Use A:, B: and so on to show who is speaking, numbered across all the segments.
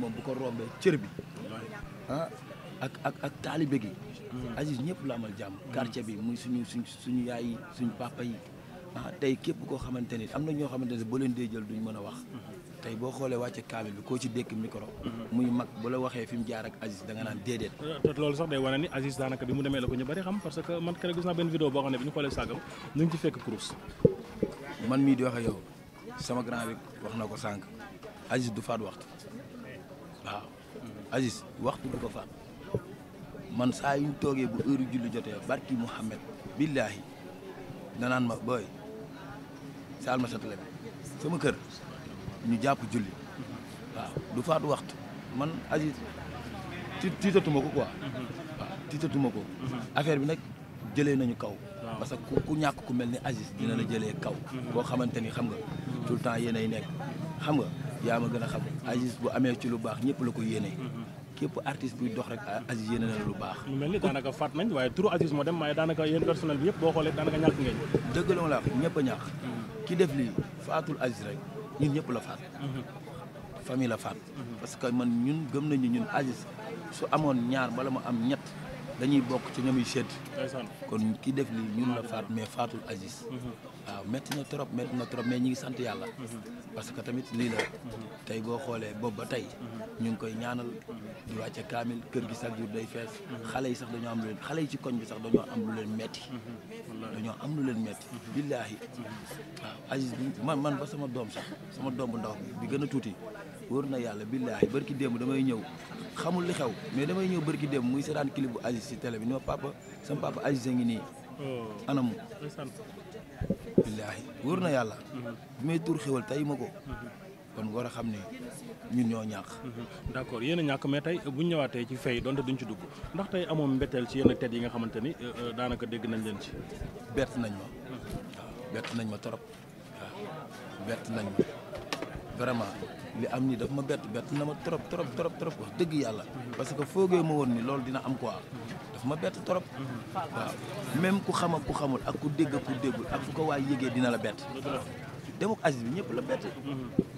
A: moom bu ko rombee cër bi ah, ak ak ak taalibe gi hmm. Aziz ñëpp la amal jàmm hmm. quartier bi muy suñu suñ suñu yaay yi suñu papa yi ah tey képp koo xamante ni am na ñoo xamante ne boo leen dee jël duñ mën a wax hmm.
B: tey boo xoolee wàcce kaamil bi koo ci dékk micro muy mag bu la waxee fi mu jaar ak Aziz da nga naan déedéet eh, te loolu sax day wane ni Aziz daanaka bi mu demee la ko ñu bari xam parce que man keroog gis naa benn vidéo boo xam ne bi ñu xoolee sàggam ñu ngi ci fekk man mii di wax sama grand wax na ko sànq
A: Aziz du faat waxtu waaw Aziz waxtu du ko fa man saa yu toogee bu heure julli jotee barki Mouhamed billaahi danaan ma booy saal ma satale sama kër ñu jàpp julli waaw du faatu waxtu man Aziz ci tiitatuma ko quoi ko affaire bi nag jëlee nañu kaw parce que ku ñàkk ku mel ni Aziz dina la mm. jëlee kaw boo mm. xamante ni xam nga tout le temps yéenay nekk xam nga yaa ma gën a xam Aziz bu amee ci lu baax ñëpp la ko yéene. képp artiste buy dox rek Aziz
B: yéene na lu baax. mu mel ni daanaka faat nañ waaye turu Aziz moo dem waaye daanaka yéen personnel bi yëpp boo xoolee daanaka ñàkk ngeen. dëgg la ma la wax a ñàkk. ki def lii faatul Aziz rek ñun ñëpp la faat.
A: famille la faat. Mhm. parce que man ñun gëm nañu ñun Aziz su amoon ñaar bala ma am ñett. dañuy bokk ci ñoom yi sedd kon ki def li ñun la faat mais faatul Aziz waaw métti na trop métti na trop mais ñi ngi sant yàlla parce que tamit lii la tey boo xoolee boobu ba tey ñu ngi koy ñaanal di wàcce kaamil kër gi chaque jour day fees xale yi sax dañoo am lu leen xale yi ci koñ bi sax dañoo am lu leen metti dañoo am lu leen metti billaahi waaw Aziz bi man man ba sama doom sax sama doom bu ndaw bi gën a tuuti wóor na yàlla billaahi barki démb damay ñëw xamul li xew mais damay ñëw bërki dem muy seetaan clip bu Aziz si télé bi ni ma papa sama papa Aziz a ngi nii. Oh. anamu.
B: billaahi wóor na yàlla. bi mm-hmm.
A: may tuur xewal tey ma ko. Mm-hmm. kon war a xam ne ñun ñoo ñàkk. Mm-hmm.
B: d' accord yéen a ñàkk mais tey bu ñu ñëwaatee ci fay donte duñ ci dugg ndax tey amoon mbeteel ci yenn tet yi nga xamante ni euh, euh, daanaka dégg nañ leen ci. bert nañ ma. waaw bett nañ ma trop.
C: waaw
B: bett nañ ma. vraiment
A: li am ni daf ma bett bett na ma trop trop trop trop wax dëgg yàlla parce que foogee ma woon ni loolu dina am quoi daf ma bett trop waaw même ku xam ak ku xamul ak ku dégg ak ku déggul ak fu ko waay yëgee dina la bett dem ak Aziz bi ñëpp la bett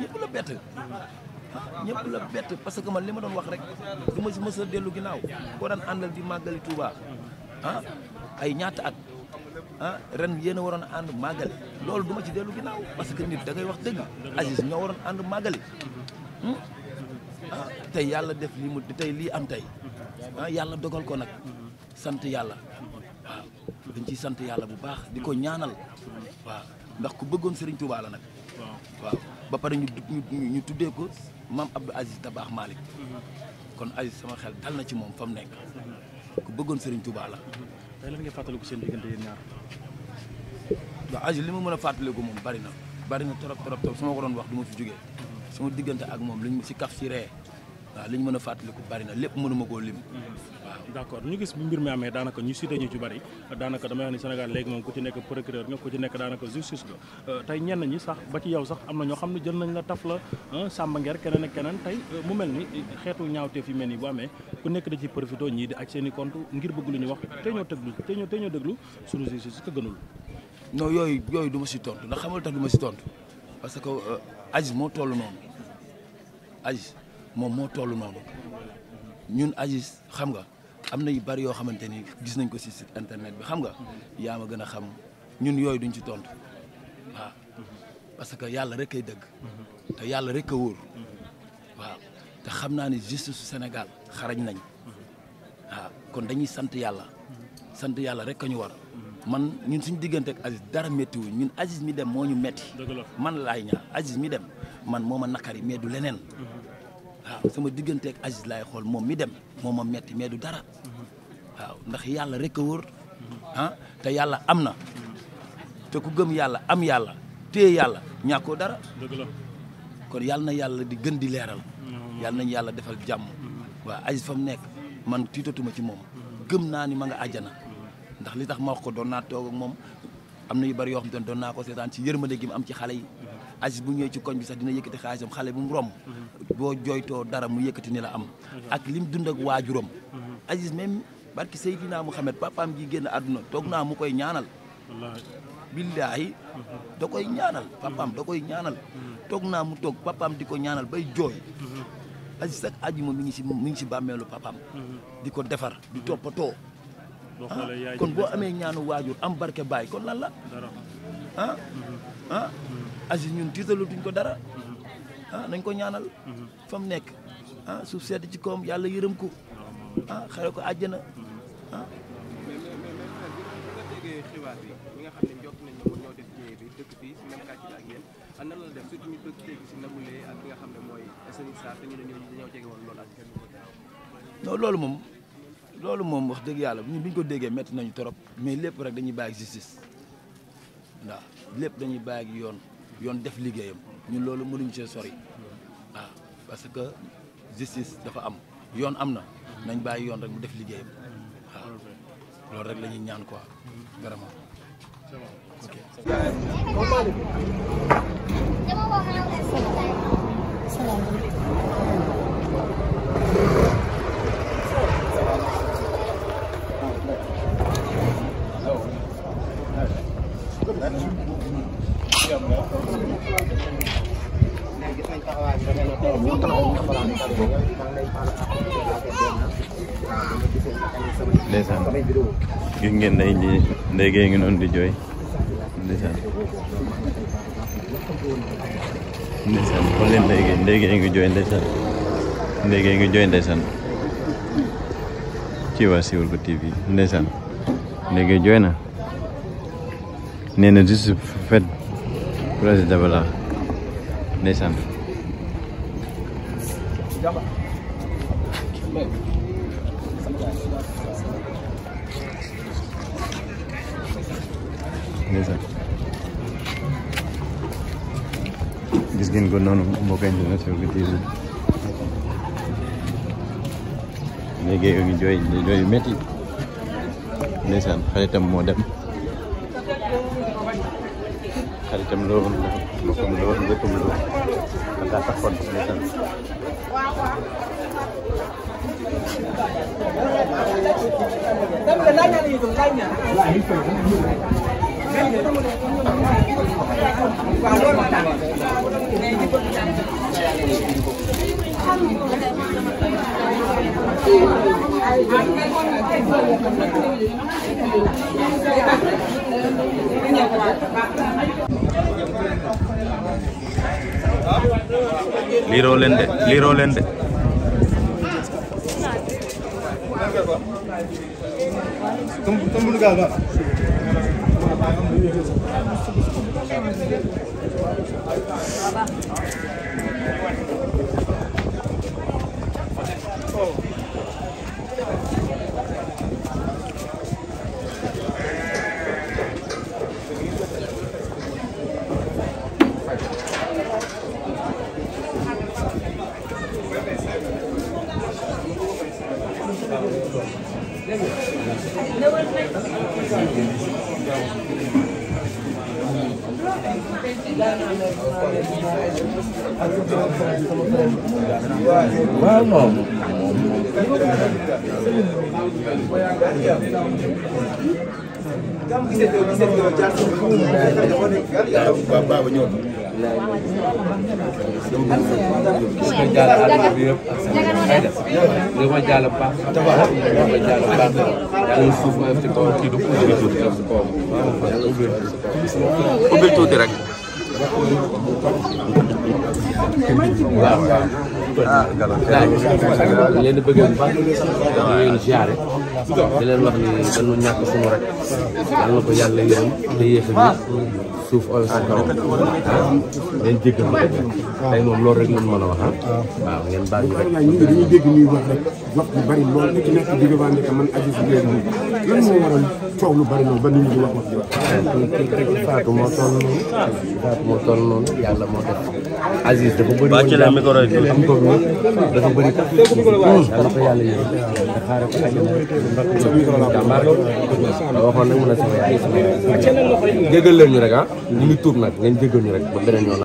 A: ñëpp la bett ñëpp la bett parce que man li ma doon wax rek du ma si ma a dellu ginnaaw koo daan àndal di màggali Touba ah ay ñaata at ah ren yéen a waroon a ànd màggali loolu duma ci dellu ginnaaw parce que nit da ngay wax dëgg Aziz ñoo waroon ànd màggali hmm? ah, tey yàlla def li mu tey lii am tey ah, yàlla dogal ko nag sant yàlla waaw dañ ciy sant yàlla bu baax di ko ñaanal waaw ndax ku bëggoon Serigne Touba la nag waaw ba pare ñu ñu tuddee ko maam Abdou Aziz Dabakh Malick kon Aziz sama xel dal na ci moom fa mu nekk ku bëggoon sëriñ Touba la tey lan nga fàttaliku seen diggante yéen ñaar. waaw Agile li ma mën a fàttaliku moom bari na bari na trop trop trop ma ko wax du ma fi jógee.
B: sama diggante ak moom liñ si kaf si ree waaw li ñu mën a fàttaliku bari na lépp mënuma koo lim. waaw mmh. d' ñu gis bi mbir mi amee daanaka ñu cité ñu ci bari daanaka damay wax ni Sénégal léegi moom ku ci nekk procureur nga ku ci nekk daanaka justice la euh, tey ñenn ñi sax ba ci yow sax am na ñoo xam ne jël nañ la taf la Samba Nguer keneen ak keneen tey euh, mu mel ni xeetu ñaawteef yu mel nii bu amee ku nekk da ci profité ñii di ak seen i compte ngir bëgg lu ñu wax te ñoo tëglu te ñoo te ñoo déglu suñu justice
A: yooyu yooyu du ma si tontu ndax xamal tax ma si tontu parce que euh, Aziz moo toll noonu moom moo toll noonu ñun Aziz xam nga am na yu bari yoo xamante ni gis nañ ko ci site internet bi xam nga yaa ma gën a xam ñun yooyu duñ ci tontu waaw parce que yàlla rek ay dëgg mhm. te yàlla rek a wóor waaw te xam naa ne justice senegal xarañ nañ mhm. waaw kon dañuy sant yàlla mhm. sant yàlla rek a ñu war man ñun suñ diggante ak Aziz dara métti ñun Aziz mi dem moo ñu metti man laay ñaar Aziz mi dem man moo a naqari mais du leneen sama digganteek Aziz lay xool moom mi dem moom ma metti mais du dara waaw ndax yàlla rek a wóor ah te yàlla am na te ku gëm yàlla am yàlla téye yàlla ñàkkoo dara. kon yàlla na yàlla di gën di leeral. yàlla nañ yàlla defal jàmm. waaw Aziz fa mu nekk man tiitatuma ci moom. gëm naa ni ma nga àjjana. ndax li tax ma wax ko doon naa toog moom am na yu bari yoo xam doon naa ko seetaan ci yërmande gi mu am ci xale yi Aziz bu ñëwee ci koñ bi sax dina yëkkati xaalisam xale bu mu romb boo jooytoo dara mu yëkkati ni la am ak lim dund ak waajuram Aziz même barki Seydina Mouhamed papaam ji génn àdduna toog naa mu koy ñaanal billaahi da koy ñaanal papaam da koy ñaanal toog naa mu toog papaam di ko ñaanal bay jooy Aziz sax àjjuma mi ngi si mi ngi si bàmmeelu papaam di ko defar di toppatoo kon boo amee ñaanu waajur am barke baay kon lan la ah mm-hmm. ah Aziz ñun tiitalutuñ ko dara mm-hmm. ah, nañ ko ñaanal mm-hmm. fa mu nekk su ah, suuf sedd ci koom yàlla yërëm ko ah xare ko àjjana ah
B: xibaar bi ñi nga xam ne jot nañ ko ñoo def bi dëkk fii si même quartier la def surtout ñu dëkk tey si ak ki nga xam ne mooy Serigne Sarr te ñu ne ñooñu dañoo jege woon ak kenn
A: non loolu moom loolu moom wax dëgg yàlla ñun bi ñu ko déggee métti nañu trop mais lépp rek dañuy bàyyi justice waaw lépp dañuy bàyyi yoon yoon def liggéeyam ñun loolu mënuñ see sori waaw parce que justice dafa am yoon am na nañ bàyyi yoon rek mu def liggéeyam waaw loolu rek lañuy ñaan ko vraiment. ok.
B: ndeysaan gis ngeen day ji ndéegee ngi noonu di jooy ndeysaan ndeysaan xool leen ndéegee ndéegee ngi jooy ndeysaan ndéegee ngi jooy ndeysaan ci waa Siweulko TV ndeysaan ndéegee jooy na nee na juste fait président bala ndeysaan ndeysaan gis ngeen ko noonu mbokk internet Siweulko TV léegi a ngi jooy jooy yu métti ndeysaan xaritam moo dem xaritam la woon mbokkam la woon léppam la woon man liiroo leen lii liiroo
C: Baba. waaw moom moom moom waaw. li ma
A: jàll baax. tabax
B: li ma jàll baax. yàlla suuf ma def ci kaw kii du ubbi tuuti rek. ubbi tuuti rek. waaw
A: waaw. ah Gallo Gallo leen di bëggee bu baax di leen ziare
B: di leen wax ni dañu ñàkk suñu rek yal na ko yàlla yërëm te yéex a suuf oyo si kawam ngeen jéggal ma tey moom loolu rek lañ mën a wax waaw ngeen baal ñu rek ñu dañuy
A: dégg ñuy wax rek wax bu bari lool ku ci nekk di revendiquer man Aziz bi léegi lan moo waral coow lu bari noonu ba nit ñi di wax wax ji moo toll noonu yàlla moo def Aziz dafa bëri woon am ko dafa
B: bëri yàlla ko yàlla yëg te xaaral ko xaj na jàmbaar la waxoon nag mun a sama yaay sama
C: ñu rek ah ñu ngi tuub nag ngeen jégal ñu rek ba beneen yoon